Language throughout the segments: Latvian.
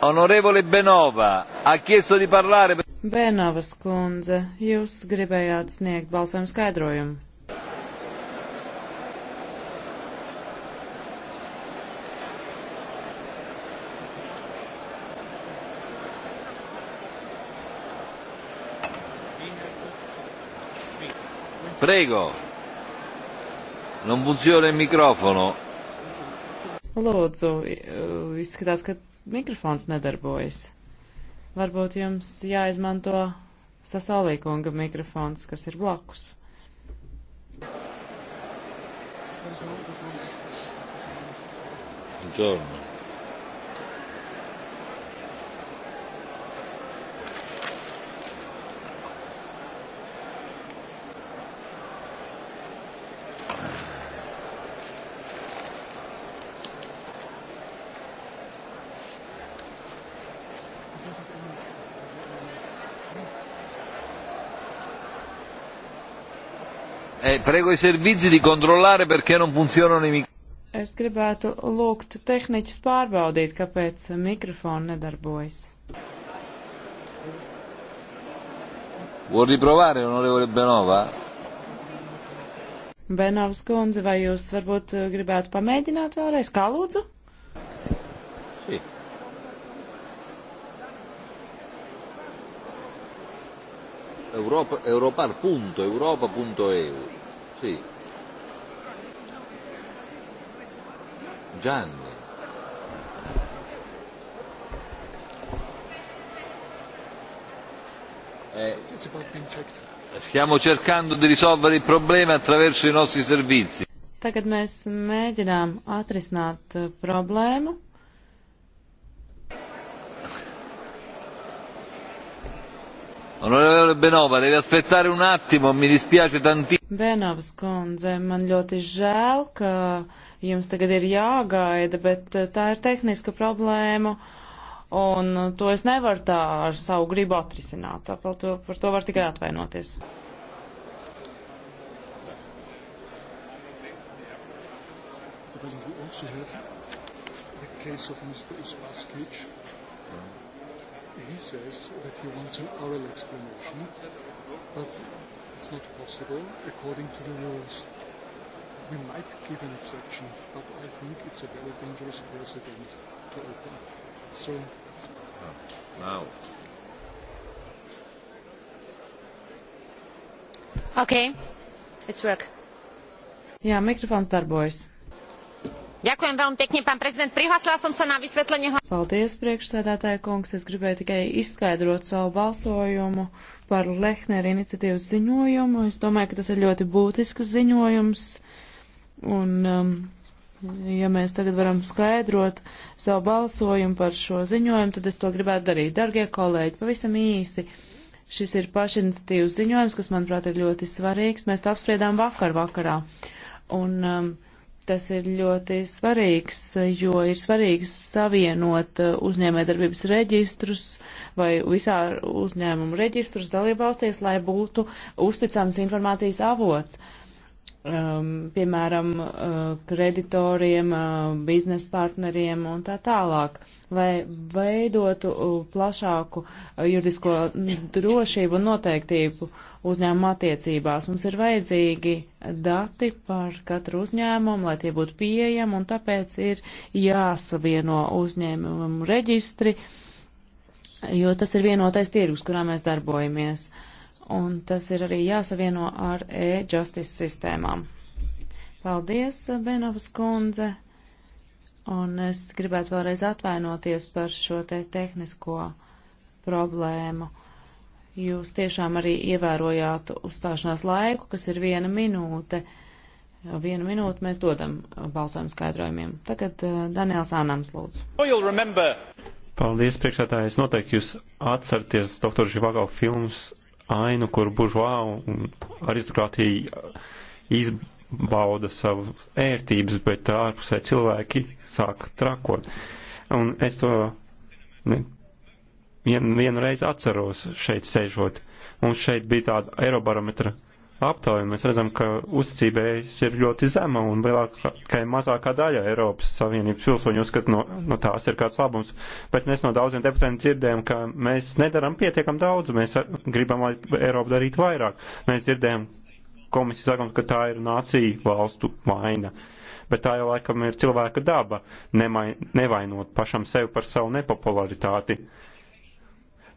Onorevole Benova, ha chiesto di parlare. Benovas kundze, jūs gribējāt sniegt balsojumu skaidrojumu. Prego. Non funziona il microfono. Lūdzu, uh, izskatās, ka mikrofons nedarbojas. Varbūt jums jāizmanto sasaulīkunga mikrofons, kas ir blakus. Buongiorno. Eh, prego i servizi di controllare perché non funzionano i microfoni. Es gribētu lūgt tehniķus pārbaudīt, kāpēc mikrofoni nedarbojas. Vuol riprovare, onorevole Benova? Benovas kundze, vai jūs varbūt eh, gribētu pamēģināt vēlreiz? Kā lūdzu? Sì. Europa, europar.europa.eu Sì. Gianni. Eh, stiamo cercando di risolvere il problema attraverso i nostri servizi. Tagad mēs mēģinām atrisināt eh, problēmu Onorevole Benova, devi aspettare un attimo, mi dispiace tantissimo. Benovas kundze, man ļoti žēl, ka jums tagad ir jāgaida, bet eh, tā ir tehniska problēma, un to es nevaru tā ar savu gribu atrisināt. Tā par to, par to var tikai atvainoties. The President, we also have the case of Mr. Uspaskich. Yeah he says that he wants an oral explanation, but it's not possible according to the rules. We might give an exception, but I think it's a very dangerous precedent to open. So. Wow. Ah, okay, it's work. Jā, mikrofons darbojas. Ďakujem veľmi pekne, pán prezident. Prihlásila som sa na vysvetlenie. Paldies, priekšsēdētāja kungs. Es gribēju tikai izskaidrot savu balsojumu par Lehneru iniciatīvas ziņojumu. Es domāju, ka tas ir ļoti būtisks ziņojums. Un, um, ja mēs tagad varam skaidrot savu balsojumu par šo ziņojumu, tad es to gribētu darīt. Dargie kolēģi, pavisam īsi. Šis ir pašiniciatīvas ziņojums, kas, manuprāt, ir ļoti svarīgs. Mēs to apspriedām vakar vakarā. Un um, Tas ir ļoti svarīgs, jo ir svarīgi savienot uh, uzņēmējdarbības reģistrus vai visā uzņēmumu reģistrus dalībvalstīs, lai būtu uzticams informācijas avots um, piemēram, uh, kreditoriem, uh, biznesa partneriem un tā tālāk, lai veidotu uh, plašāku uh, juridisko drošību un noteiktību uzņēmuma attiecībās. Mums ir vajadzīgi dati par katru uzņēmumu, lai tie būtu pieejami, un tāpēc ir jāsavieno uzņēmumu reģistri, jo tas ir vienotais tirgus, kurā mēs darbojamies. Uh, un tas ir arī jāsavieno ar e-justice sistēmām. Paldies, Benovas kundze, un es gribētu vēlreiz atvainoties par šo te tehnisko problēmu. Jūs tiešām arī ievērojāt uzstāšanās laiku, kas ir viena minūte. Vienu minūti mēs dodam balsojumu skaidrojumiem. Tagad eh, Daniels Ānams lūdzu. Oh, Paldies, priekšētāji. Es noteikti jūs atceraties doktoru Živagau filmas ainu, kur buržuā un aristokrātija izbauda savu ērtības, bet ārpusē cilvēki sāk trakot. Un es to ne, vien, vienu reizi atceros šeit sežot. Mums šeit bija tāda aerobarometra aptauju mēs redzam, ka uzticībējas ir ļoti zema un lielākai mazākā daļa Eiropas Savienības pilsoņu uzskata, no, no tās ir kāds labums. Bet mēs no daudziem deputātiem dzirdējam, ka mēs nedaram pietiekam daudz, mēs gribam, lai Eiropa darītu vairāk. Mēs dzirdējam komisijas sakums, ka tā ir nācija valstu vaina. Bet tā jau laikam ir cilvēka daba, nemai, nevainot pašam sevi par savu nepopularitāti.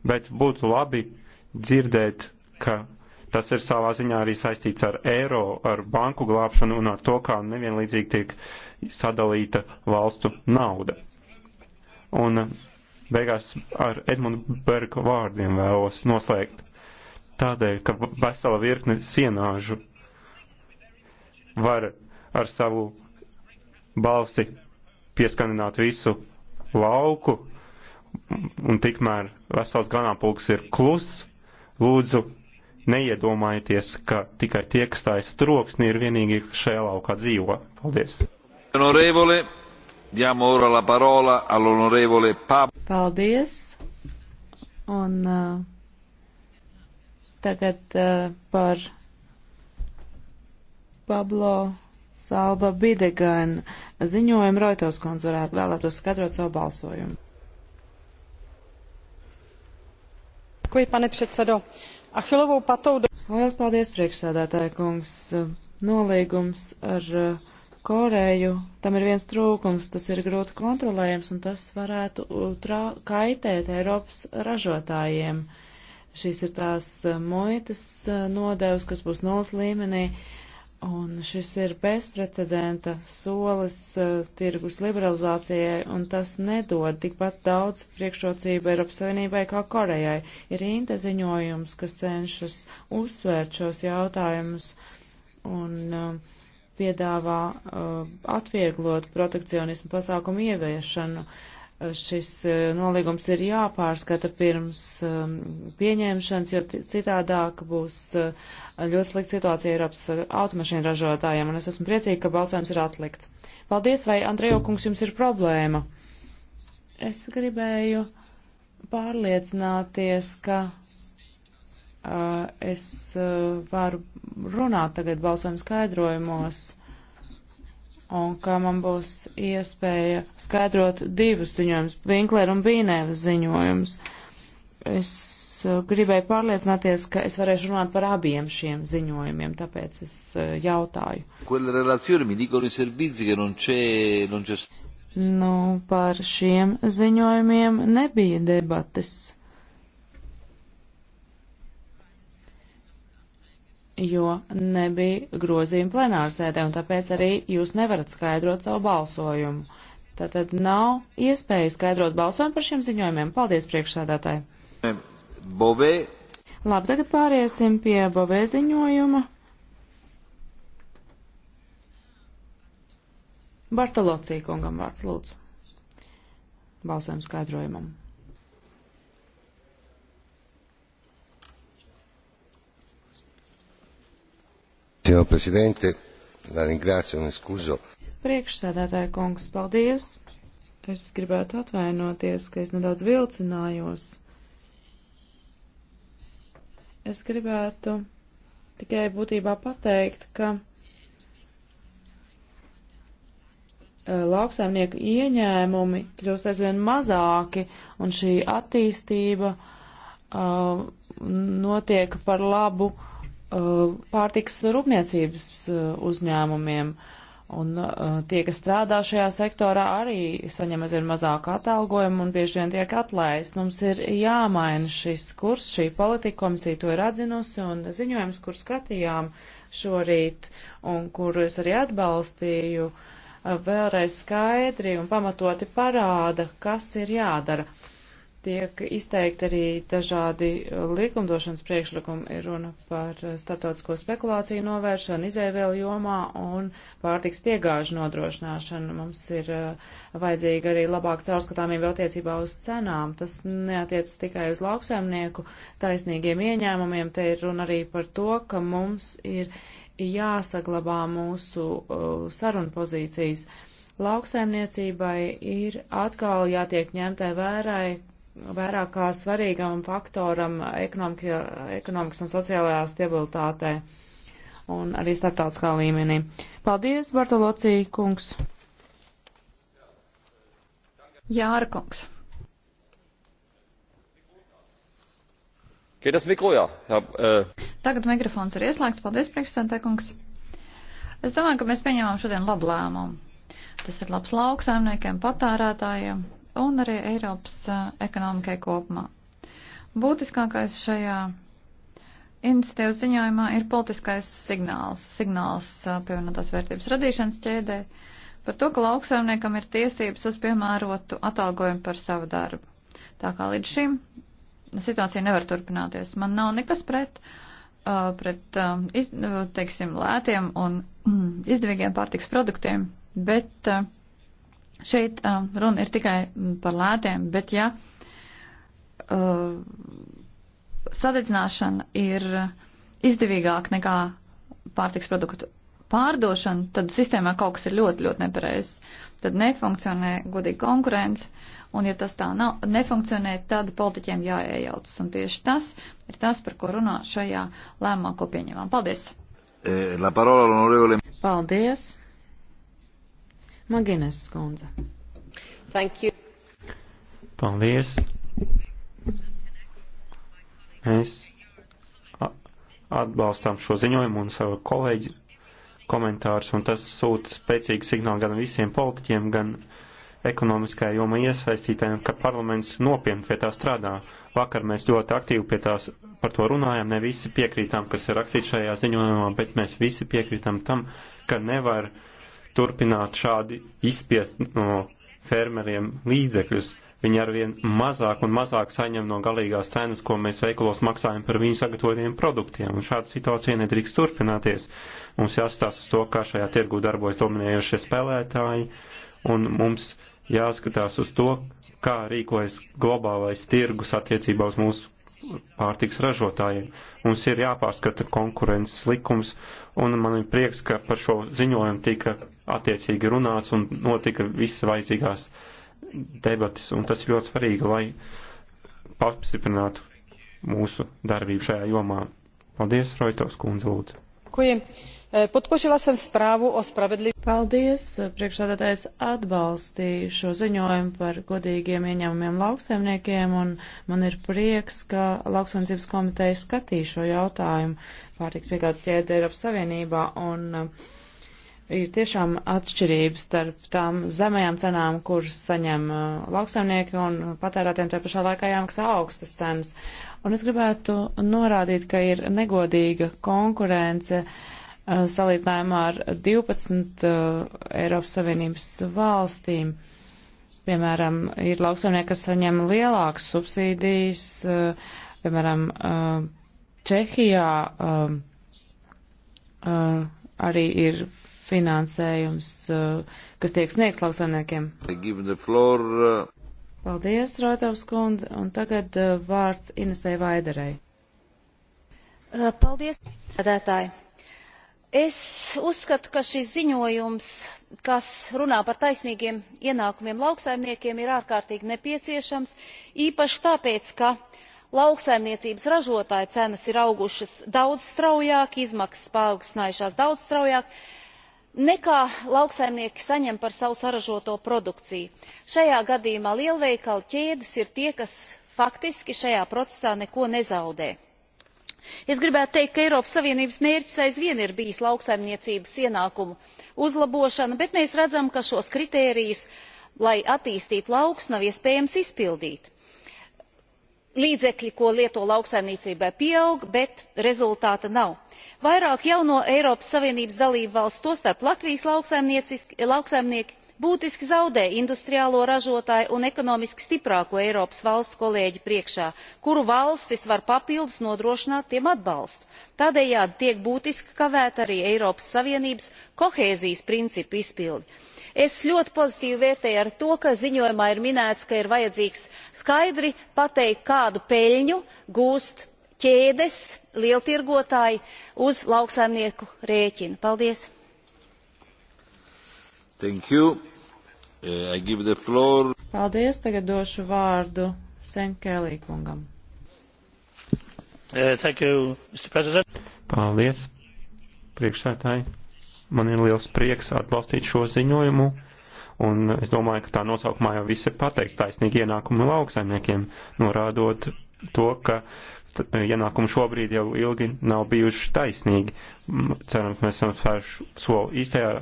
Bet būtu labi dzirdēt, ka Tas ir savā ziņā arī saistīts ar eiro, ar banku glābšanu un ar to, kā nevienlīdzīgi tiek sadalīta valstu nauda. Un beigās ar Edmundu Bergu vārdiem vēlos noslēgt. Tādēļ, ka vesela virkne sienāžu var ar savu balsi pieskanināt visu lauku, un tikmēr vesels ganāpulks ir kluss, lūdzu neiedomājieties, ka tikai tie, kas taisa troksni, ir vienīgi, kas šajā laukā dzīvo. Paldies! Onorevole, diamo ora la parola all'onorevole Pab. Paldies! Un uh, tagad uh, par Pablo Salba Bidegan ziņojumu Roitovs konzervētu vēlētos skatrot savu balsojumu. Achilovou patou. Lielas paldies, priekšsēdētāja kungs. Nolīgums ar Koreju, tam ir viens trūkums, tas ir grūti kontrolējams un tas varētu kaitēt Eiropas ražotājiem. Šīs ir tās muitas nodevs, kas būs nulles līmenī. Uh, Un šis ir bezprecedenta solis uh, tirgus liberalizācijai, un tas nedod tikpat daudz priekšrocību Eiropas Savienībai kā Korejai. Ir Inte ziņojums, kas cenšas uzsvērt šos jautājumus un uh, piedāvā uh, atvieglot protekcionismu pasākumu ieviešanu. Uh, šis e, nolīgums ir jāpārskata pirms e, pieņemšanas, jo citādāk būs e, ļoti slikta situācija Eiropas automašīnu ražotājiem, un es esmu priecīga, ka balsojums ir atlikts. Paldies, vai Andrejo kungs jums ir problēma? Es gribēju pārliecināties, ka uh, es uh, varu runāt tagad balsojuma skaidrojumos un ka man būs iespēja skaidrot divus ziņojumus, Vinkleru un Bīnēvas ziņojumus. Es uh, gribēju pārliecināties, ka es varēšu runāt par abiem šiem ziņojumiem, tāpēc es uh, jautāju. Nu, par šiem ziņojumiem nebija debates. jo nebija grozījuma plenārsēdē, un tāpēc arī jūs nevarat skaidrot savu balsojumu. Tātad nav iespēja skaidrot balsojumu par šiem ziņojumiem. Paldies, priekšsādātāji! Bovē. Labi, tagad pāriesim pie Bovē ziņojuma. Bartolocī kungam vārds lūdzu. Balsojumu skaidrojumam. Signor Presidente, la ringrazio un escuso. Priekšsēdētāja kungs, paldies. Es gribētu atvainoties, ka es nedaudz vilcinājos. Es gribētu tikai būtībā pateikt, ka e, lauksaimnieku ieņēmumi kļūst aizvien mazāki, un šī attīstība uh, notiek par labu uh, Uh, pārtiks rūpniecības uh, uzņēmumiem. Un uh, tie, kas strādā šajā sektorā, arī saņem aizvien mazāku atalgojumu un bieži vien tiek atlaist. Mums ir jāmaina šis kurs, šī politika komisija to ir atzinusi un ziņojums, kur skatījām šorīt un kuru es arī atbalstīju, vēlreiz skaidri un pamatoti parāda, kas ir jādara tiek izteikti arī dažādi uh, likumdošanas priekšlikumi. Ir runa par uh, starptautisko spekulāciju novēršanu, izēvēlu jomā un pārtiks piegāžu nodrošināšanu. Mums ir uh, vajadzīga arī labāka caurskatāmība attiecībā uz cenām. Tas neatiecas tikai uz lauksaimnieku taisnīgiem ieņēmumiem. Te ir runa arī par to, ka mums ir jāsaglabā mūsu uh, sarunu pozīcijas lauksaimniecībai ir atkal jātiek ņemtai vērai vērā kā svarīgam faktoram ekonomika, ekonomikas un sociālajā stabilitātē un arī starptautiskā līmenī. Paldies, Bartolocija kungs! Jāra kungs. Geht das Mikro, jā? jā uh... Äh, Tagad mikrofons ir ieslēgts. Paldies, priekšsēdētāj kungs. Es domāju, ka mēs pieņēmām šodien labu lēmumu. Tas ir labs lauksaimniekiem, patērētājiem, un arī Eiropas ekonomikai kopumā. Būtiskākais šajā iniciatīvas ziņojumā ir politiskais signāls, signāls pievienotās vērtības radīšanas ķēdē par to, ka lauksaimniekam ir tiesības uz piemērotu atalgojumu par savu darbu. Tā kā līdz šim situācija nevar turpināties. Man nav nekas pret, pret iz, teiksim, lētiem un izdevīgiem pārtiks produktiem, bet uh, Šeit um, runa ir tikai par lētiem, bet ja uh, sadedzināšana ir izdevīgāka nekā pārtiks produktu pārdošana, tad sistēmā kaut kas ir ļoti, ļoti nepareizs. Tad nefunkcionē godīgi konkurence, un ja tas tā nav, nefunkcionē, tad politiķiem jāiejaucas. Un tieši tas ir tas, par ko runā šajā lēmumā, ko pieņemam. Paldies! Eh, la parola, Paldies! Magines skundze. Thank you. Paldies. Mēs atbalstām šo ziņojumu un savu kolēģi komentārus, un tas sūta spēcīgu signālu gan visiem politiķiem, gan ekonomiskajā jomā iesaistītājiem, ka parlaments nopietni pie tā strādā. Vakar mēs ļoti aktīvi pie tās par to runājām, ne visi piekrītām, kas ir rakstīts šajā ziņojumā, bet mēs visi piekrītām tam, ka nevar uh, turpināt šādi izspiest no fermeriem līdzekļus. Viņi arvien mazāk un mazāk saņem no galīgās cenas, ko mēs veikalos maksājam par viņu sagatavotiem produktiem. Un šāda situācija nedrīkst turpināties. Mums jāskatās uz to, kā šajā tirgu darbojas dominējošie spēlētāji, un mums jāskatās uz to, kā rīkojas globālais tirgus attiecībā uz mūsu pārtiks ražotājiem. Mums ir jāpārskata konkurences likums, un man ir prieks, ka par šo ziņojumu tika attiecīgi runāts un notika visas vajadzīgās debatas, un tas ir ļoti svarīgi, lai pastiprinātu mūsu darbību šajā jomā. Paldies, Roitovs kundze, lūdzu. Kujem. Eh, Podpožila jsem zprávu o spravedlivém. Paldies, eh, priekšsādātājs atbalstīju šo ziņojumu par godīgiem ieņēmumiem lauksaimniekiem, un man ir prieks, ka lauksaimniecības komiteja skatīja šo jautājumu pārtiks piegādes ķēdē Eiropas Savienībā, un eh, ir tiešām atšķirības starp tām zemajām cenām, kuras saņem lauksaimnieki, un patērētiem tajā pašā laikā jāmaksā augstas cenas. Un es gribētu norādīt, ka ir negodīga konkurence Uh, salīdzinājumā ar 12 uh, Eiropas Savienības valstīm. Piemēram, ir lauksaimnieki, kas saņem lielākas subsīdijas, uh, piemēram, Čehijā um, arī ir finansējums, kas tiek sniegts lauksaimniekiem. Paldies, Rotovs kundze, un tagad vārds Inesē Vaiderei. Paldies, sēdētāji es uzskatu ka šis ziņojums kas runā par taisnīgiem ienākumiem lauksaimniekiem ir ārkārtīgi nepieciešams īpaši tāpēc ka lauksaimniecības ražotāju cenas ir augušas daudz straujāk izmaksas paaugstinājušās daudz straujāk nekā lauksaimnieki saņem par savu saražoto produkciju. šajā gadījumā lielveikalu ķēdes ir tie kas faktiski šajā procesā neko nezaudē es gribētu teikt ka eiropas savienības mērķis aizvien ir bijis lauksaimniecības ienākumu uzlabošana bet mēs redzam ka šos kritērijus lai attīstītu laukus nav iespējams izpildīt. līdzekļi ko lieto lauksaimniecībai pieaug bet rezultāta nav. vairāk jauno eiropas savienības dalību valstu tostarp latvijas lauksaimnieki būtiski zaudē industriālo ražotāju un ekonomiski stiprāko eiropas valstu kolēģu priekšā kuru valstis var papildus nodrošināt tiem atbalstu. tādējādi tiek būtiski kavēta arī eiropas savienības kohēzijas principu izpilde es ļoti pozitīvi vērtēju to ka ziņojumā ir minēts ka ir vajadzīgs skaidri pateikt kādu peļņu gūst ķēdes lieltirgotāji uz lauksaimnieku rēķina. paldies! Uh, Paldies, tagad došu vārdu Senkēlī kungam. Uh, you, Paldies, priekšsētāji. Man ir liels prieks atbalstīt šo ziņojumu, un es domāju, ka tā nosaukumā jau viss ir pateikts taisnīgi ienākumu lauksaimniekiem, norādot to, ka ienākumi šobrīd jau ilgi nav bijuši taisnīgi. Cerams, mēs esam spēruši soli īstajā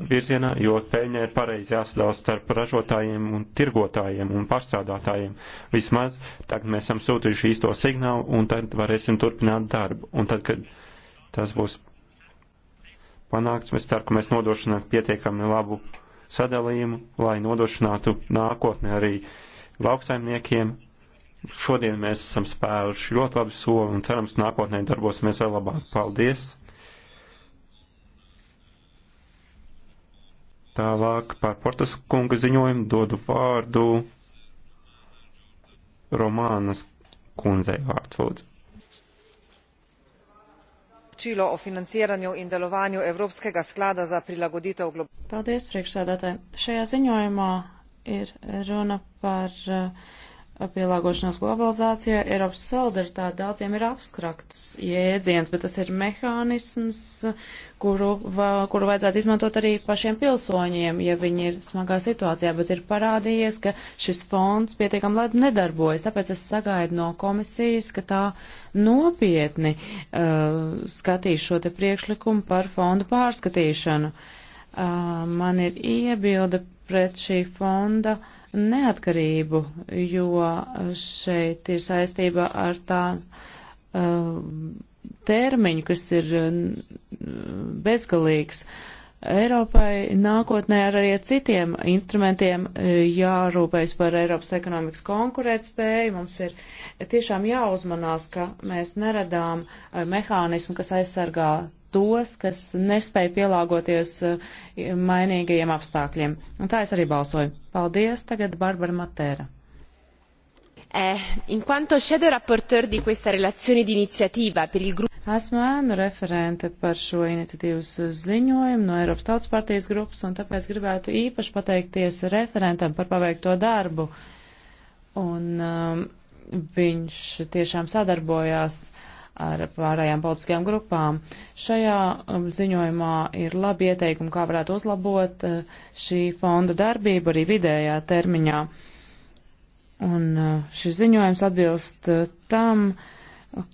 virzienā, jo peļņa ir pareizi jāsadala starp ražotājiem un tirgotājiem un pārstrādātājiem. Vismaz tagad mēs esam sūtījuši īsto signālu un tad varēsim turpināt darbu. Un tad, kad tas būs panākts, mēs ceru, ka mēs nodrošinām pietiekami labu sadalījumu, lai nodrošinātu nākotnē arī lauksaimniekiem. Šodien mēs esam spēruši ļoti labu soli un cerams nākotnē darbosimies vēl labāk. Paldies! Tālāk par Portas kunga ziņojumu dodu vārdu Romānas kundzei vārds lūdzu. Čilo o financiranju in delovanju Evropskega sklada za prilagoditev globalizāciju. Paldies, priekšsēdētāji. Šajā ziņojumā ir runa par uh, pielāgošanās globalizācijā, Eiropas solidaritāte daudziem ir abstrakts jēdziens, bet tas ir mehānisms, kuru, va, kuru vajadzētu izmantot arī pašiem pilsoņiem, ja viņi ir smagā situācijā, bet ir parādījies, ka šis fonds pietiekam labi nedarbojas, tāpēc es sagaidu no komisijas, ka tā nopietni uh, skatīs šo te priekšlikumu par fondu pārskatīšanu. Uh, man ir iebilde pret šī fonda uh, neatkarību, jo šeit ir saistība ar tā uh, termiņu, kas ir uh, bezgalīgs. Eiropai nākotnē ar arī citiem instrumentiem uh, jārūpējas par Eiropas ekonomikas konkurētspēju. Mums ir tiešām jāuzmanās, ka mēs neredām uh, mehānismu, kas aizsargā tos, kas nespēja pielāgoties eh, mainīgajiem apstākļiem. Un tā es arī balsoju. Paldies, tagad Barbara Matēra. Eh, in quanto shadow rapporteur di questa relazione di iniziativa per il gruppo Esmu ēnu referente par šo iniciatīvas ziņojumu no Eiropas Tautas partijas grupas, un tāpēc gribētu īpaši pateikties referentam par paveikto darbu. Un um, viņš tiešām sadarbojās ar pārējām politiskajām grupām. Šajā um, ziņojumā ir labi ieteikumi, kā varētu uzlabot uh, šī fonda darbību arī vidējā termiņā. Un uh, šis ziņojums atbilst uh, tam,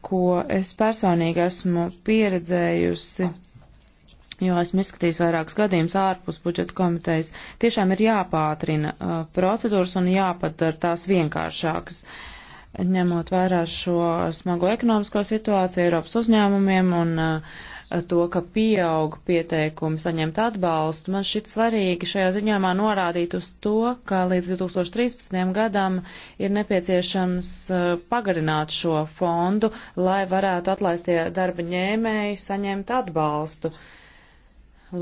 ko es personīgi esmu pieredzējusi jo esmu izskatījis vairākus gadījumus ārpus budžeta komitejas, tiešām ir jāpātrina uh, procedūras un jāpadara tās vienkāršākas. Uh, ņemot vērā šo smago ekonomisko situāciju Eiropas uzņēmumiem un uh, to, ka pieaug pieteikumi saņemt atbalstu. Man šit svarīgi šajā ziņāmā norādīt uz to, ka līdz 2013. gadam ir nepieciešams eh, pagarināt šo fondu, lai varētu atlaistie darba ņēmēji saņemt atbalstu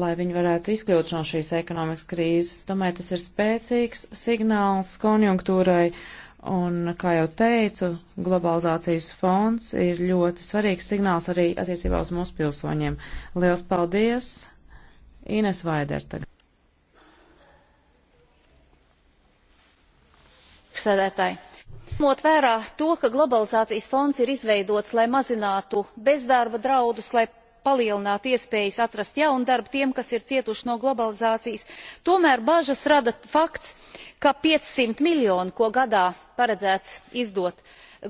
lai viņi varētu izkļūt no šīs ekonomikas krīzes. Domāju, tas ir spēcīgs signāls konjunktūrai Un, kā jau teicu, globalizācijas fonds ir ļoti svarīgs signāls arī attiecībā uz mūsu pilsoņiem. Liels paldies! Ines Vaiderta. Sēdētāji. Ņemot vērā to, ka globalizācijas fonds ir izveidots, lai mazinātu bezdarba draudus, lai palielināt iespējas atrast jaunu darbu tiem kas ir cietuši no globalizācijas tomēr bažas rada fakts ka piecsimt miljoni ko gadā paredzēts izdot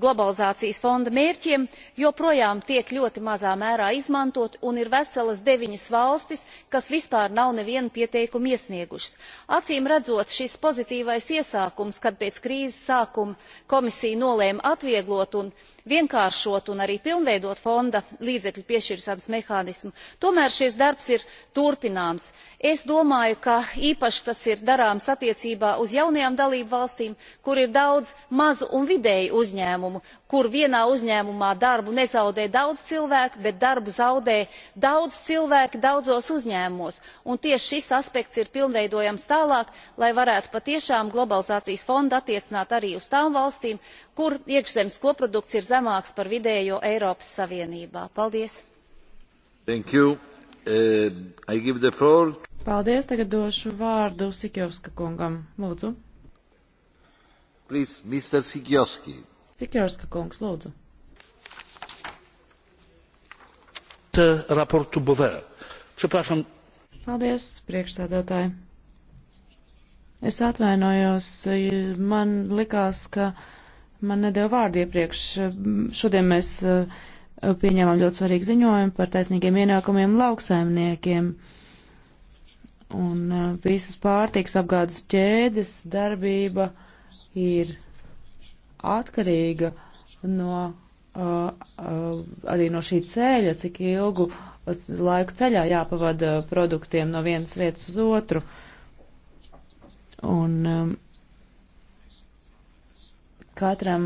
globalizācijas fonda mērķiem joprojām tiek ļoti mazā mērā izmantoti un ir veselas deviņas valstis kas vispār nav nevienu pieteikumu iesniegušas. acīmredzot šis pozitīvais iesākums kad pēc krīzes sākuma komisija nolēma atvieglot un vienkāršot un arī pilnveidot fonda līdzekļu piešķiršanas mehānismu tomēr šis darbs ir turpināms. es domāju ka īpaši tas ir darāms attiecībā uz jaunajām dalībvalstīm kur ir daudz mazu un vidēju uzņēmumu kur vienā uzņēmumā darbu nezaudē daudz cilvēku bet darbu zaudē daudz cilvēku daudzos uzņēmumos un tieši šis aspekts ir pilnveidojams tālāk lai varētu patiešām globalizācijas fondu attiecināt arī uz tām valstīm kur iekšzemes koprodukts ir zemāks par vidējo Eiropas Savienībā. Paldies! Thank you. Uh, I give the floor. Paldies, tagad došu vārdu Sikjovska kungam. Lūdzu. Please, Mr. Sikjovski. Sikjovska kungs, lūdzu. raportu Buvē. Przepraszam. Paldies, priekšsēdētāji. Es atvainojos, man likās, ka man nedēļa vārdu iepriekš. Šodien mēs eh, pieņēmām ļoti svarīgu ziņojumu par taisnīgiem ienākumiem lauksaimniekiem. Un eh, visas pārtīks apgādes ķēdes darbība ir atkarīga no, eh, arī no šī ceļa, cik ilgu laiku ceļā jāpavada produktiem no vienas vietas uz otru. Un um, Katram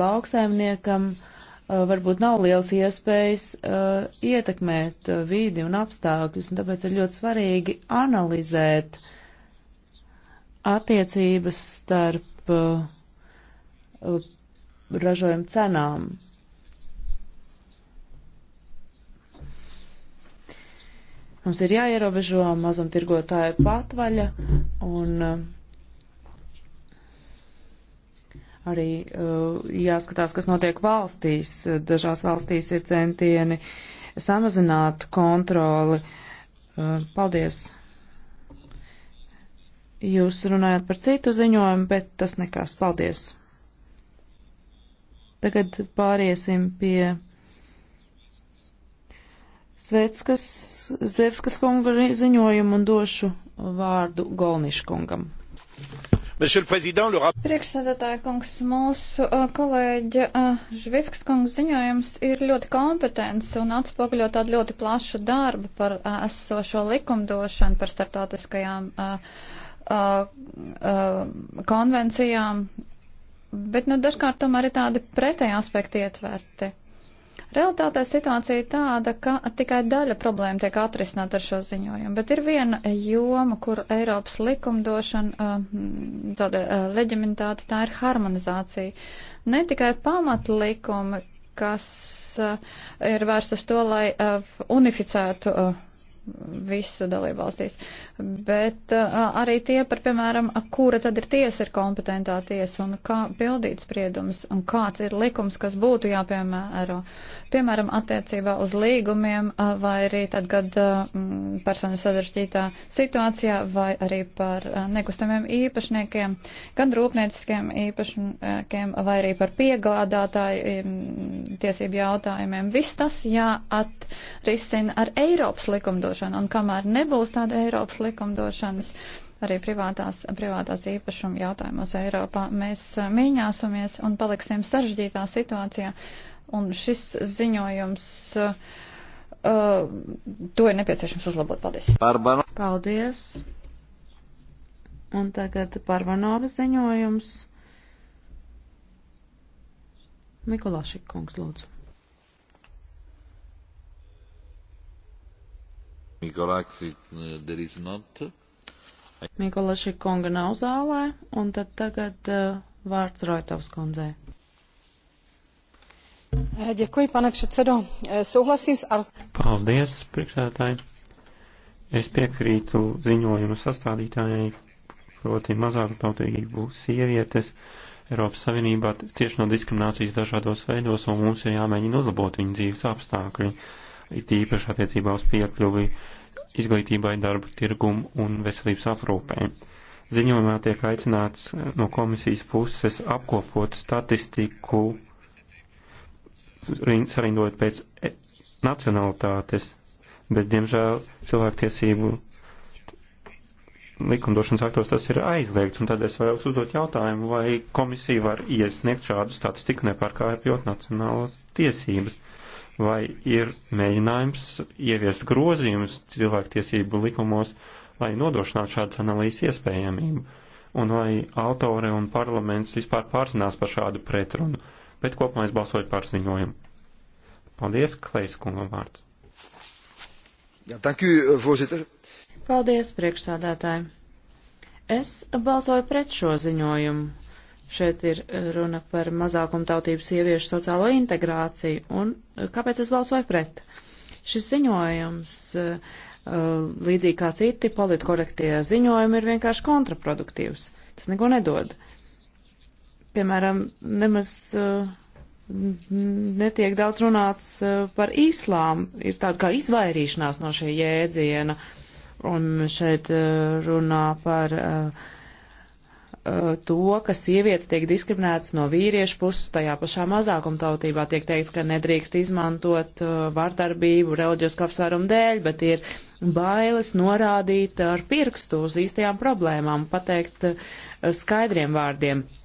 lauksaimniekam uh, varbūt nav liels iespējas uh, ietekmēt uh, vīdi un apstākļus, un tāpēc ir ļoti svarīgi analizēt attiecības starp ražojumu cenām. Mums ir jāierobežo mazumtirgotāju patvaļa un Arī eh, jāskatās, kas notiek valstīs. Dažās valstīs ir centieni samazināt kontroli. Eh, paldies! Jūs runājat par citu ziņojumu, bet tas nekas. Paldies! Tagad pāriesim pie Svetskas, Zevskas kunga ziņojumu un došu vārdu Golniškungam. Priekšsēdētāja kungs, mūsu uh, kolēģa uh, Žvifks kungs ziņojums ir ļoti kompetents un atspoguļo tādu ļoti plašu darbu par uh, esošo likumdošanu, par starptautiskajām konvencijām, bet nu, dažkārt tomēr ir tādi pretēji aspekti ietverti. Realtātē situācija ir tāda, ka tikai daļa problēma tiek atrisināt ar šo ziņojumu, bet ir viena joma, kur Eiropas likumdošana, tāda uh, uh, leģimitāte, tā ir harmonizācija. Ne tikai pamatlikumi, kas uh, ir vērsts uz to, lai unificētu visu dalību valstīs, bet uh, arī tie par, piemēram, kura tad ir tiesa, ir kompetentā tiesa un kā pildīt spriedums un kāds ir likums, kas būtu jāpiemēro piemēram, attiecībā uz līgumiem vai arī tad, kad personu sadaršķītā situācijā vai arī par nekustamiem īpašniekiem, gan rūpnieciskiem īpašniekiem vai arī par piegādātāju tiesību jautājumiem. Viss tas jāatrisina ar Eiropas likumdošanu, un kamēr nebūs tāda Eiropas likumdošanas, arī privātās, privātās īpašuma jautājumos Eiropā. Mēs mīņāsimies un paliksim sarežģītā situācijā, Un šis ziņojums, uh, uh, to ir nepieciešams uzlabot. Paldies. Parban. Paldies. Un tagad Parvanova ziņojums. Mikulāšik kungs, lūdzu. Mikulašik kunga nav zālē, un tad tagad uh, vārds Roitovs kundzei. Ďakujem, eh, pane predsedo. Eh, Súhlasím s... Paldies, priekšsēdētāji. Es piekrītu ziņojumu sastādītājai, proti mazākotautību sievietes Eiropas Savienībā cieši no diskriminācijas dažādos veidos, un mums ir jāmēģina uzlabot viņu dzīves apstākļi, it īpaši attiecībā uz piekļuvi izglītībai, darba tirgumu un veselības aprūpē. Ziņojumā tiek aicināts no komisijas puses apkopot statistiku sarindojot pēc e, nacionalitātes, bet, diemžēl, cilvēktiesību likumdošanas aktos tas ir aizliegts, un tad es varu uzdot jautājumu, vai komisija var iesniegt šādu statistiku nepārkāpjot nacionālas tiesības, vai ir mēģinājums ieviest grozījumus cilvēktiesību likumos, lai nodrošinātu šādas analīzes iespējamību, un vai autore un parlaments vispār pārzinās par šādu pretrunu. Uh, bet kopumā es balsoju par ziņojumu. Paldies, Klais kungam vārds. Jā, ja, thank you, uh, voorzitter. Paldies, priekšsādātāji. Es balsoju pret šo ziņojumu. Šeit ir runa par mazākumtautību sieviešu sociālo integrāciju. Un uh, kāpēc es balsoju pret? Šis ziņojums, uh, līdzīgi kā citi politkorektie ziņojumi, ir vienkārši kontraproduktīvs. Tas neko nedod piemēram, nemaz uh, netiek daudz runāts uh, par īslām. Ir tāda kā izvairīšanās no šī jēdziena. Un šeit uh, runā par to, ka sievietes tiek diskriminētas no vīriešu puses, tajā pašā mazākumtautībā tiek teikts, ka nedrīkst izmantot vardarbību reliģijos apsvērumu dēļ, bet ir bailes norādīt ar pirkstu uz īstajām problēmām, pateikt skaidriem vārdiem. Uh,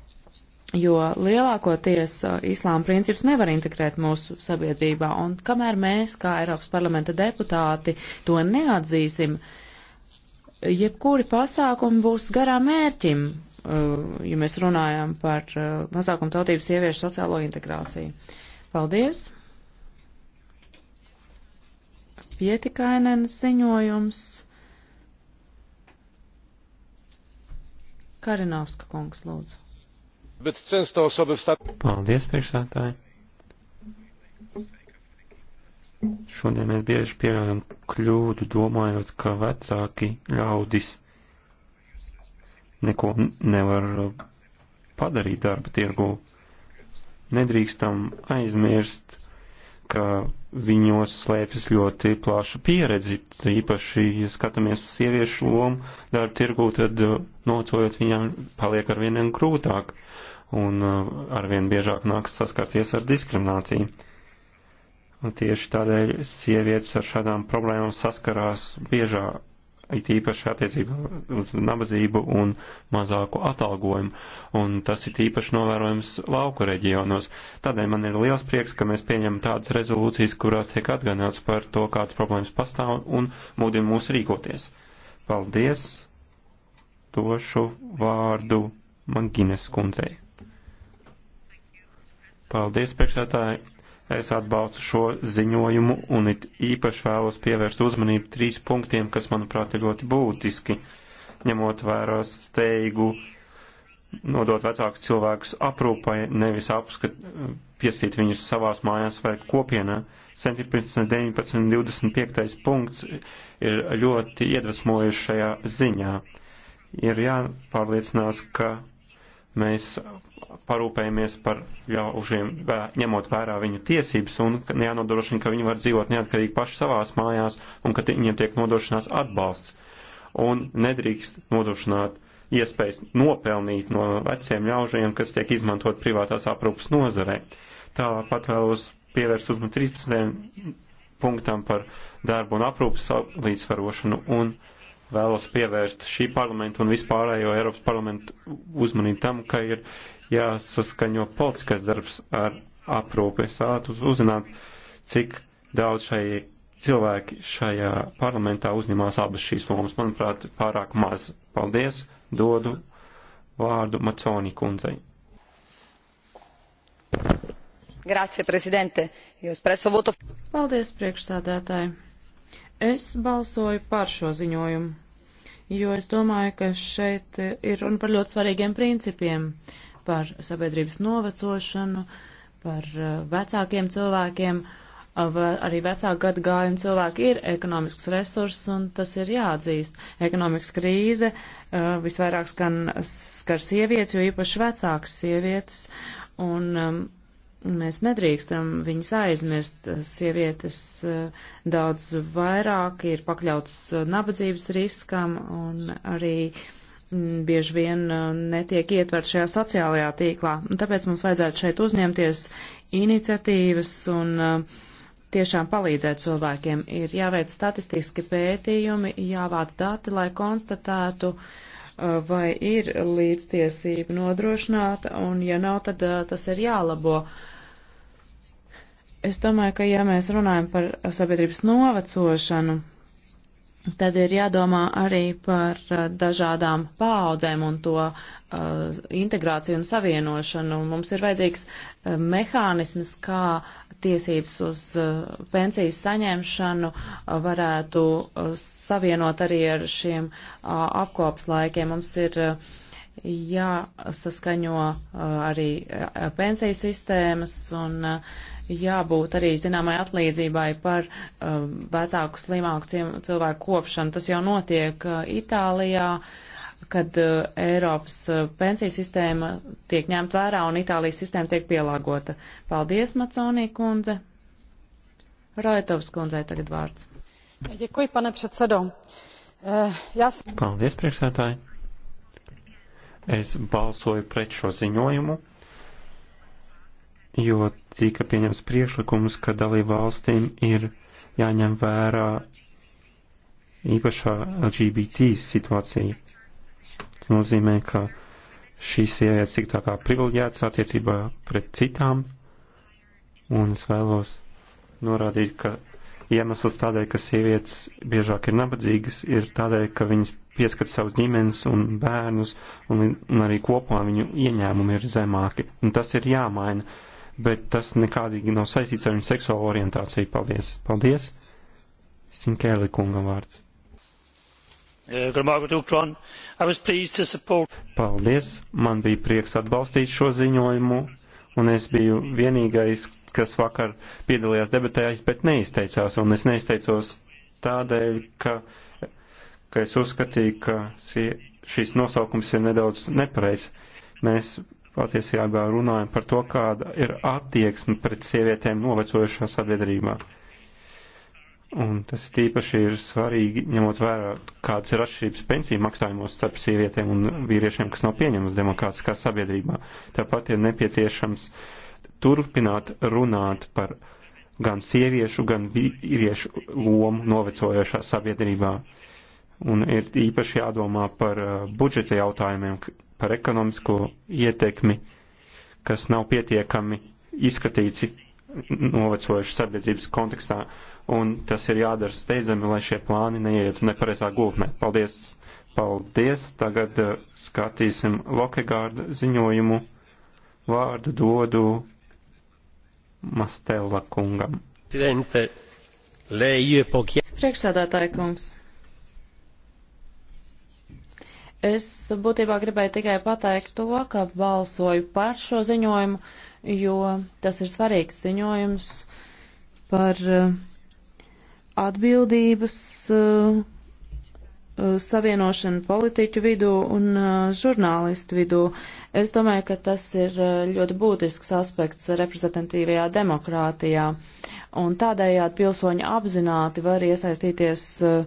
jo lielākoties uh, islāma princips nevar integrēt mūsu sabiedrībā, un kamēr mēs, kā Eiropas parlamenta deputāti, to neatzīsim, jebkuri pasākumi būs garā mērķim, uh, ja mēs runājam par uh, mazākuma tautības sieviešu sociālo integrāciju. Paldies! Pietikainenes ziņojums. Karinovska kungs, lūdzu bet często osoby w stanie. Paldies, priekšsētāji. Šodien mēs bieži pieļaujam kļūdu, domājot, ka vecāki ļaudis neko nevar padarīt darba tirgu. Nedrīkstam aizmirst, ka viņos slēpjas ļoti plaša pieredze, īpaši, ja skatāmies uz sieviešu lomu darba tirgu, tad uh, nocojot viņām paliek arvien grūtāk un uh, arvien biežāk nāks saskarties ar diskrimināciju. Un tieši tādēļ sievietes ar šādām problēmām saskarās biežāk, it īpaši attiecībā uz nabadzību un mazāku atalgojumu, un tas ir īpaši novērojams lauku reģionos. Tādēļ man ir liels prieks, ka mēs pieņemam tādas rezolūcijas, kurās tiek atgādināts par to, kādas problēmas pastāv un mūdina mūs rīkoties. Paldies! Došu vārdu Magines kundzei. Paldies, priekšētāji! Es atbalstu šo ziņojumu un it īpaši vēlos pievērst uzmanību trīs punktiem, kas, manuprāt, ir ļoti būtiski, ņemot vērā steigu nodot vecākus cilvēkus aprūpai, nevis apskat, piestīt viņus savās mājās vai kopienā. 17, 19, 25. punkts ir ļoti iedvesmojuši šajā ziņā. Ir jāpārliecinās, ka mēs parūpējamies par ļaužiem, ņemot vērā viņu tiesības un jānodrošina, ka viņi var dzīvot neatkarīgi paši savās mājās un ka viņiem tiek nodrošināts atbalsts. Un nedrīkst nodrošināt iespējas nopelnīt no veciem ļaužiem, kas tiek izmantot privātās aprūpas nozarē. Tāpat vēlos pievērst uzmanību 13. punktam par darbu un aprūpas līdzsvarošanu un uh, vēlos pievērst šī parlamenta un vispārējo Eiropas parlamentu uzmanību tam, ka ir jāsaskaņo politiskais darbs ar aprūpi. Es vēlētos uzzināt, cik daudz šai cilvēki šajā parlamentā uzņemās abas šīs lomas. Manuprāt, pārāk maz. Paldies, dodu vārdu Maconi kundzei. Grazie, prezidente. Jūs preso votu. Paldies, priekšsādātāji. Es balsoju par šo ziņojumu, jo es domāju, ka šeit ir runa par ļoti svarīgiem principiem - par sabiedrības novecošanu, par uh, vecākiem cilvēkiem. Uh, arī vecāku gadu gājumu cilvēki ir ekonomisks resurs, un tas ir jāatzīst. Ekonomikas krīze uh, visvairāk skan skar sievietes, jo īpaši vecākas sievietes, un um, Mēs nedrīkstam viņas aizmirst. Sievietes eh, daudz vairāk ir pakļautas eh, nabadzības riskam un arī mm, bieži vien eh, netiek ietvert šajā sociālajā tīklā. Tāpēc mums vajadzētu šeit uzņemties iniciatīvas un tiešām palīdzēt cilvēkiem. Ir jāveic statistiski pētījumi, jāvāc dati, lai konstatētu, vai ir līdztiesība nodrošināta, un ja nav, tad tas ir jālabo. Uh, Es domāju, ka ja mēs runājam par sabiedrības novecošanu, tad ir jādomā arī par uh, dažādām paaudzēm un to uh, integrāciju un savienošanu. Mums ir vajadzīgs uh, mehānisms, kā tiesības uz uh, pensijas saņemšanu uh, varētu uh, savienot arī ar šiem uh, apkopas laikiem. Mums ir uh, jāsaskaņo uh, arī uh, pensijas sistēmas un uh, jābūt arī zināmai atlīdzībai par uh, vecāku slimāku cilvēku kopšanu. Tas jau notiek uh, Itālijā, kad uh, Eiropas uh, pensiju sistēma tiek ņemt vērā un Itālijas sistēma tiek pielāgota. Paldies, Maconī kundze. Rojatovs kundzei tagad vārds. Ďakuj, pane predsedo. Uh, eh, jas... Paldies, priekšsētāji. Es balsoju pret šo ziņojumu jo tika pieņems priekšlikums, ka dalību valstīm ir jāņem vērā īpašā LGBT situācija. Tas nozīmē, ka šīs sievietes tik tā kā privileģētas attiecībā pret citām, un es vēlos norādīt, ka iemesls tādēļ, ka sievietes biežāk ir nabadzīgas, ir tādēļ, ka viņas pieskat savus ģimenes un bērnus, un, un arī kopumā viņu ieņēmumi ir zemāki, un tas ir jāmaina bet tas nekādīgi nav saistīts ar viņu seksuālo orientāciju. Paldies! Paldies! Sinkēli kungam vārds. Paldies! Man bija prieks atbalstīt šo ziņojumu, un es biju vienīgais, kas vakar piedalījās debatējās, bet neizteicās, un es neizteicos tādēļ, ka, ka es uzskatīju, ka šis nosaukums ir nedaudz nepareizs. Mēs patiesībā runājam par to, kāda ir attieksme pret sievietēm novecojušā sabiedrībā. Un tas ir tīpaši ir svarīgi, ņemot vērā, kādas ir atšķirības pensiju maksājumos starp sievietēm un vīriešiem, kas nav pieņemams demokrātiskā sabiedrībā. Tāpat ir nepieciešams turpināt runāt par gan sieviešu, gan vīriešu lomu novecojošā sabiedrībā. Un ir īpaši jādomā par uh, budžeta jautājumiem, par ekonomisko ietekmi, kas nav pietiekami izskatīti novecojuši sabiedrības kontekstā, un tas ir jādara steidzami, lai šie plāni neietu nepareizā gultnē. Paldies! Paldies! Tagad eh, skatīsim Lokegārda ziņojumu. Vārdu dodu Mastella kungam. Priekšsādātāja kungs. Es būtībā gribēju tikai pateikt to, ka balsoju par šo ziņojumu, jo tas ir svarīgs ziņojums par uh, atbildības uh, uh, savienošanu politiķu vidū un žurnālistu vidū. Es domāju, ka tas ir ļoti būtisks aspekts reprezentatīvajā demokrātijā. Un tādējādi pilsoņi apzināti var iesaistīties uh,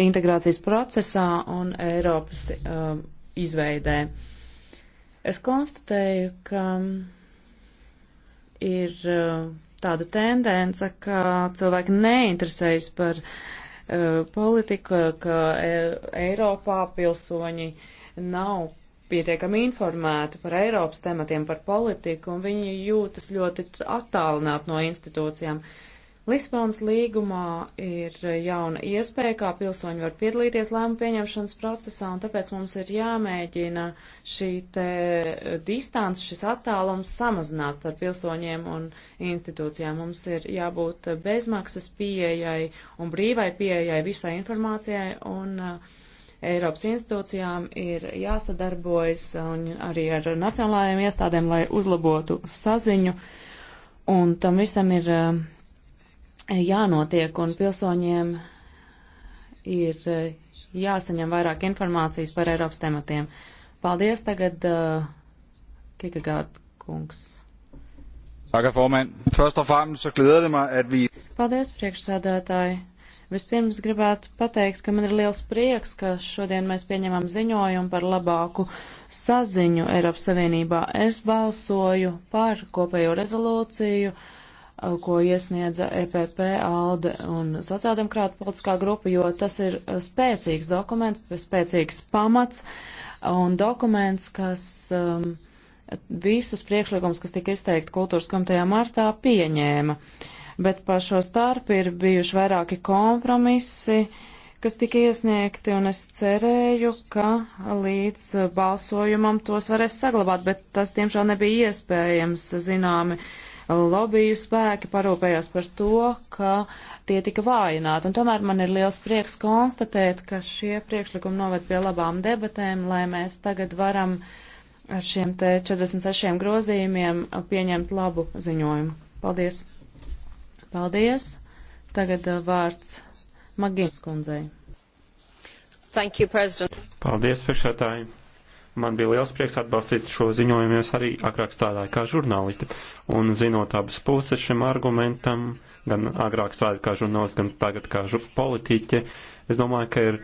integrācijas procesā un Eiropas uh, izveidē. Es konstatēju, ka ir uh, tāda tendence, ka cilvēki neinteresējas par uh, politiku, ka e Eiropā pilsoņi nav pietiekami informēti par Eiropas tematiem, par politiku, un viņi jūtas ļoti attālināti no institūcijām. Uh, Lisbonas līgumā ir jauna iespēja, kā pilsoņi var piedalīties lēmu pieņemšanas procesā, un tāpēc mums ir jāmēģina šī te distance, šis attālums samazināt starp pilsoņiem un institūcijām. Mums ir jābūt bezmaksas pieejai un brīvai pieejai visai informācijai, un uh, Eiropas institūcijām ir jāsadarbojas un arī ar nacionālajiem iestādēm, lai uzlabotu saziņu, un tam visam ir uh, jānotiek un pilsoņiem ir eh, jāsaņem vairāk informācijas par Eiropas tematiem. Paldies tagad, uh, eh, Kikagāt kungs. Tak, formand. Først og fremmest så glæder det mig, at vi... Paldies, priekšsēdētāji. Vispirms gribētu pateikt, ka man ir liels prieks, ka šodien mēs pieņemam ziņojumu par labāku saziņu Eiropas Savienībā. Es balsoju par kopējo rezolūciju Uh, ko iesniedza EPP, ALDE un sociāldemokrāta politiskā grupa, jo tas ir uh, spēcīgs dokuments, spēcīgs pamats un dokuments, kas um, visus priekšlikumus, kas tika izteikti kultūras komitejā martā, pieņēma. Bet par šo starpu ir bijuši vairāki kompromisi, kas tika iesniegti, un es cerēju, ka līdz balsojumam tos varēs saglabāt, bet tas, diemžēl, nebija iespējams zināmi. Uh, lobiju spēki parūpējās par to, ka tie tika vājināti. Un tomēr man ir liels prieks konstatēt, ka šie priekšlikumi noved pie labām debatēm, lai mēs tagad varam ar šiem te 46 grozījumiem pieņemt labu ziņojumu. Paldies! Paldies! Tagad uh, vārds Magīs kundzei. Thank you, President. Paldies, priekšētāji! Man bija liels prieks atbalstīt šo ziņojumu, jo es arī agrāk strādāju kā žurnālisti. Un zinot abas puses šim argumentam, gan agrāk strādāju kā žurnālisti, gan tagad kā politiķi, es domāju, ka ir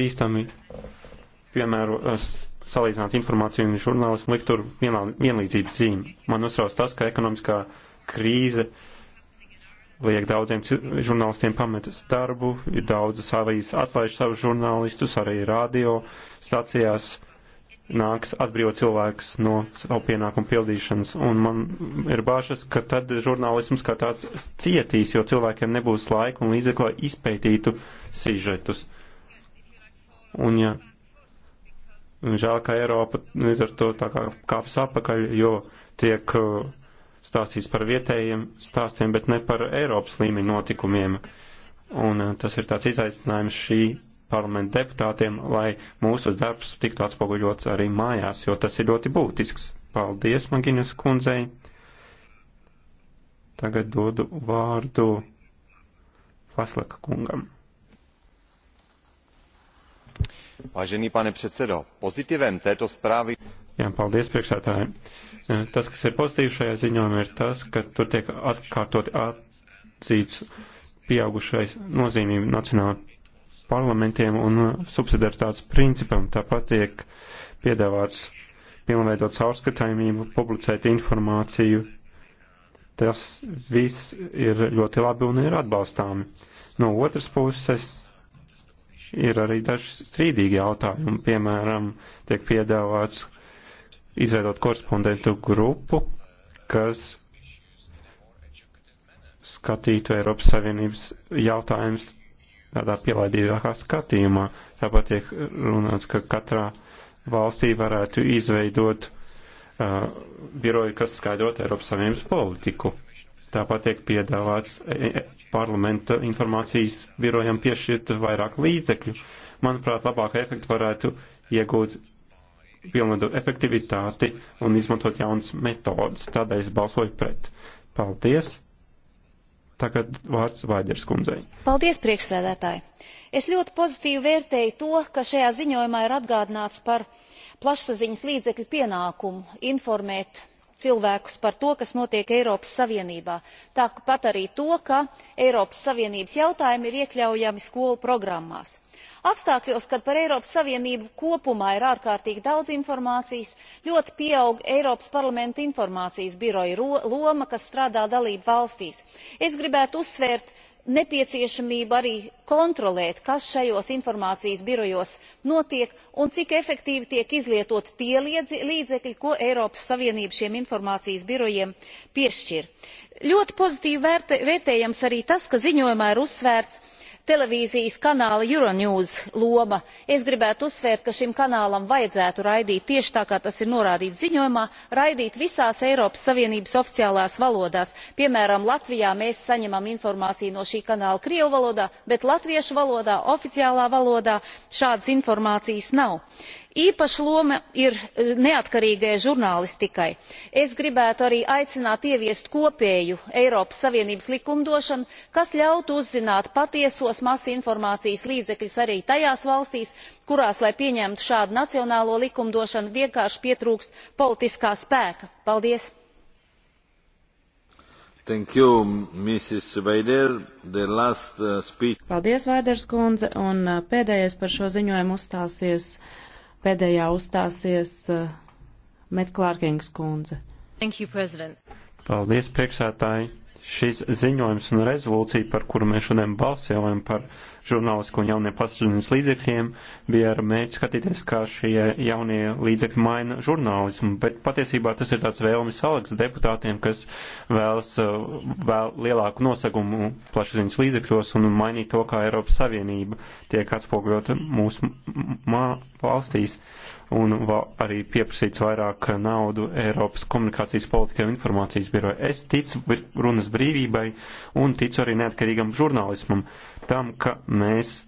bīstami, piemēram, eh, salīdzināt informāciju un žurnālismu likt tur vienlā, vienlīdzības zīmi. Man uzrauc tas, ka ekonomiskā krīze liek daudziem žurnālistiem pametas darbu, ir daudzas avīzes atlaiž savus žurnālistus, arī radio stacijās nāks atbrīvot cilvēks no savu pienākumu pildīšanas. Un man ir bāžas, ka tad žurnālisms kā tāds cietīs, jo cilvēkiem nebūs laika un līdzekla izpētītu sižetus. Un ja žēl, ka Eiropa līdz ar to tā kā kāps apakaļ, jo tiek uh, stāstīts par vietējiem stāstiem, bet ne par Eiropas līmeņa notikumiem. Un uh, tas ir tāds izaicinājums šī parlamenta deputātiem, lai mūsu darbs tiktu atspoguļots arī mājās, jo tas ir ļoti būtisks. Paldies, Maginas kundzei. Tagad dodu vārdu Vaslaka kungam. Vážený pane předsedo, pozitivem této zprávy. Jā, paldies priekšētājiem. Tas, kas ir pozitīvs šajā ziņojumā, ir tas, ka tur tiek atkārtot atzīts pieaugušais nozīmība nacionāla parlamentiem un subsidaritātes principam. Tāpat tiek piedāvāts pilnveidot caurskatāmību, publicēt informāciju. Tas viss ir ļoti labi un ir atbalstāmi. No otras puses ir arī daži strīdīgi jautājumi. Piemēram, tiek piedāvāts izveidot korespondentu grupu, kas skatītu Eiropas Savienības jautājumus tādā pielaidīgākā skatījumā. Tāpat tiek runāts, ka katrā valstī varētu izveidot uh, biroju, kas skaidrot Eiropas Savienības politiku. Tāpat tiek piedāvāts e, e, parlamenta informācijas birojam piešķirt vairāk līdzekļu. Manuprāt, labāka efekta varētu iegūt pilnveidot efektivitāti un izmantot jaunas metodas. Tādēļ es balsoju pret. Paldies! Tagad vārds Vaiders kundzei. Paldies, priekšsēdētāji! Es ļoti pozitīvi vērtēju to, ka šajā ziņojumā ir atgādināts par plašsaziņas līdzekļu pienākumu informēt cilvēkus par to kas notiek eiropas savienībā tāpat arī to ka eiropas savienības jautājumi ir iekļaujami skolu programmās. apstākļos kad par eiropas savienību kopumā ir ārkārtīgi daudz informācijas ļoti pieaug eiropas parlamenta informācijas biroja loma kas strādā dalībvalstīs. es gribētu uzsvērt nepieciešamību arī kontrolēt kas šajos informācijas birojos notiek un cik efektīvi tiek izlietoti tie līdzekļi ko eiropas savienība šiem informācijas birojiem piešķir. ļoti pozitīvi vērtējams arī tas ka ziņojumā ir uzsvērts televīzijas kanāla euronews loma es gribētu uzsvērt ka šim kanālam vajadzētu raidīt tieši tā kā tas ir norādīts ziņojumā raidīt visās eiropas savienības oficiālajās valodās piemēram latvijā mēs saņemam informāciju no šī kanāla krievu valodā bet latviešu valodā oficiālā valodā šādas informācijas nav īpaša loma ir e, neatkarīgajai žurnālistikai. es gribētu arī aicināt ieviest kopēju eiropas savienības likumdošanu kas ļautu uzzināt patiesos masinformācijas līdzekļus arī tajās valstīs kurās lai pieņemtu šādu nacionālo likumdošanu vienkārši pietrūkst politiskā spēka. paldies! You, uh, Paldies, Vaiders kundze, un uh, pēdējais par šo ziņojumu uzstāsies Pēdējā uzstāsies uh, eh, Metklārkings kundze. Thank you, President. Paldies, priekšsētāji. Šis ziņojums un rezolūcija, par kuru mēs šodien balsojam, par uh, žurnālistiku un jaunie pasažīnas līdzekļiem bija ar mērķi skatīties, kā šie jaunie līdzekļi maina žurnālismu, bet patiesībā tas ir tāds vēlmis salaks deputātiem, kas vēlas uh, vēl lielāku nosagumu plašsaziņas līdzekļos un mainīt to, kā Eiropas Savienība tiek atspogļota mūsu valstīs un arī pieprasīts vairāk naudu Eiropas komunikācijas politikai un informācijas biroja. Es ticu runas brīvībai un ticu arī neatkarīgam žurnālismam tam, ka mēs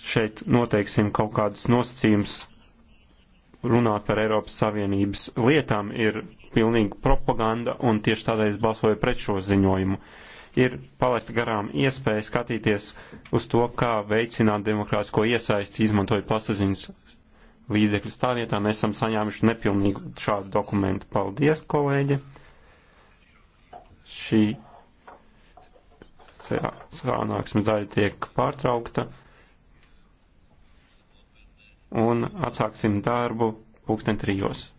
šeit noteiksim kaut kādus nosacījumus runāt par Eiropas Savienības lietām, ir pilnīga propaganda, un tieši tādēļ es balsoju pret šo ziņojumu. Ir palaista garām iespēja skatīties uz to, kā veicināt demokrātisko iesaisti, izmantojot plasaziņas līdzekļus. Tā vietā mēs esam saņēmuši nepilnīgu šādu dokumentu. Paldies, kolēģi! Šī sanāksme daļa tiek pārtraukta un atsāksim darbu pulksten trijos.